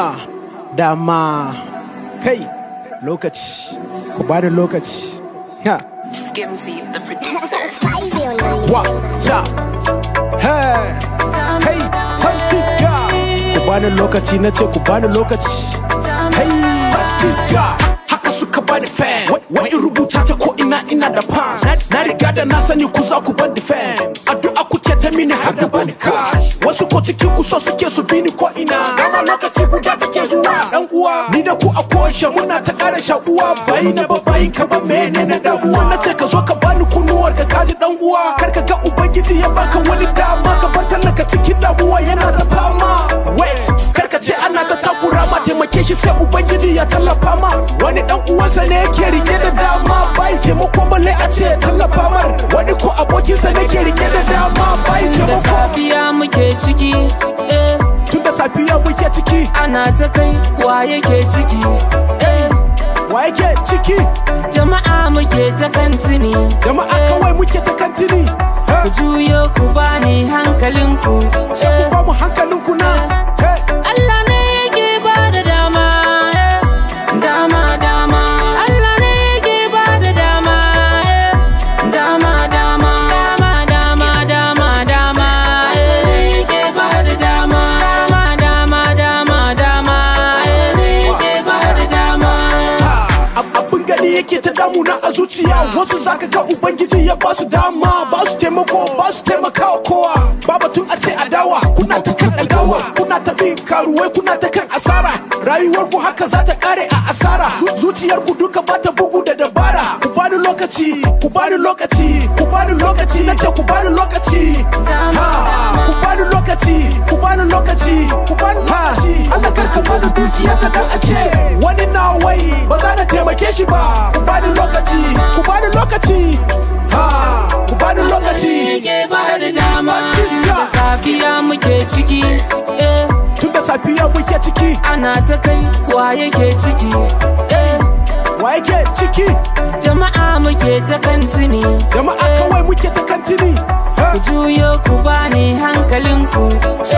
ha dama kai lokaci ku ba da lokaci ha wata the producer hey hey hantiska ku ba da lokaci na ce ku ba da lokaci hey hantiska haka suka ba da fan wani rubuta ta ko ina ina da fans na riga da na sani ku za ku ban da defense addu'a kuke ta mini har da ban kai wasu ko cikin ku so suke su bi ni ko ina gama lokaci guda take zuwa dan uwa ni da ku a koshe muna ta ƙara shakuwa bai na ba bai ka ba mene na damuwa na ce ka zo ka bani kunuwar ka kaji dan uwa kar ka ga ubangiji ya baka wani dama ka bar cikin damuwa yana da fama wait kar ka ce ana ta takura ma taimake shi sai ubangiji ya tallafa ma wani dan uwansa ne yake rike da dama bai taimako balle a ce tallafa mar wani ko abokinsa ne ke rike da dama wa yake ciki eh. wa yake ciki jama'a muke ta kantini jama'a ne yake ta damuna a zuciya wasu zaka ga ubangiji ya ba su dama ba su taimako ba su taimakawa kowa ba batun a ce adawa kuna ta kan adawa kuna ta bin karuwai kuna ta kan asara rayuwar ku haka za ta kare a asara zuciyar ku duka ba ta bugu da dabara ku bani lokaci ku bani lokaci ku bani lokaci ce ku bani lokaci same shi ba ku bani lokaci ku bani lokaci ha ku ke ba da dama safiya muke ciki eh. tun da safiya muke ciki ana ta kai kuwa yake ciki eh. wa yake ciki jama'a muke ta kantini jama'a eh. kawai muke ta kantini ku juyo ku bani hankalinku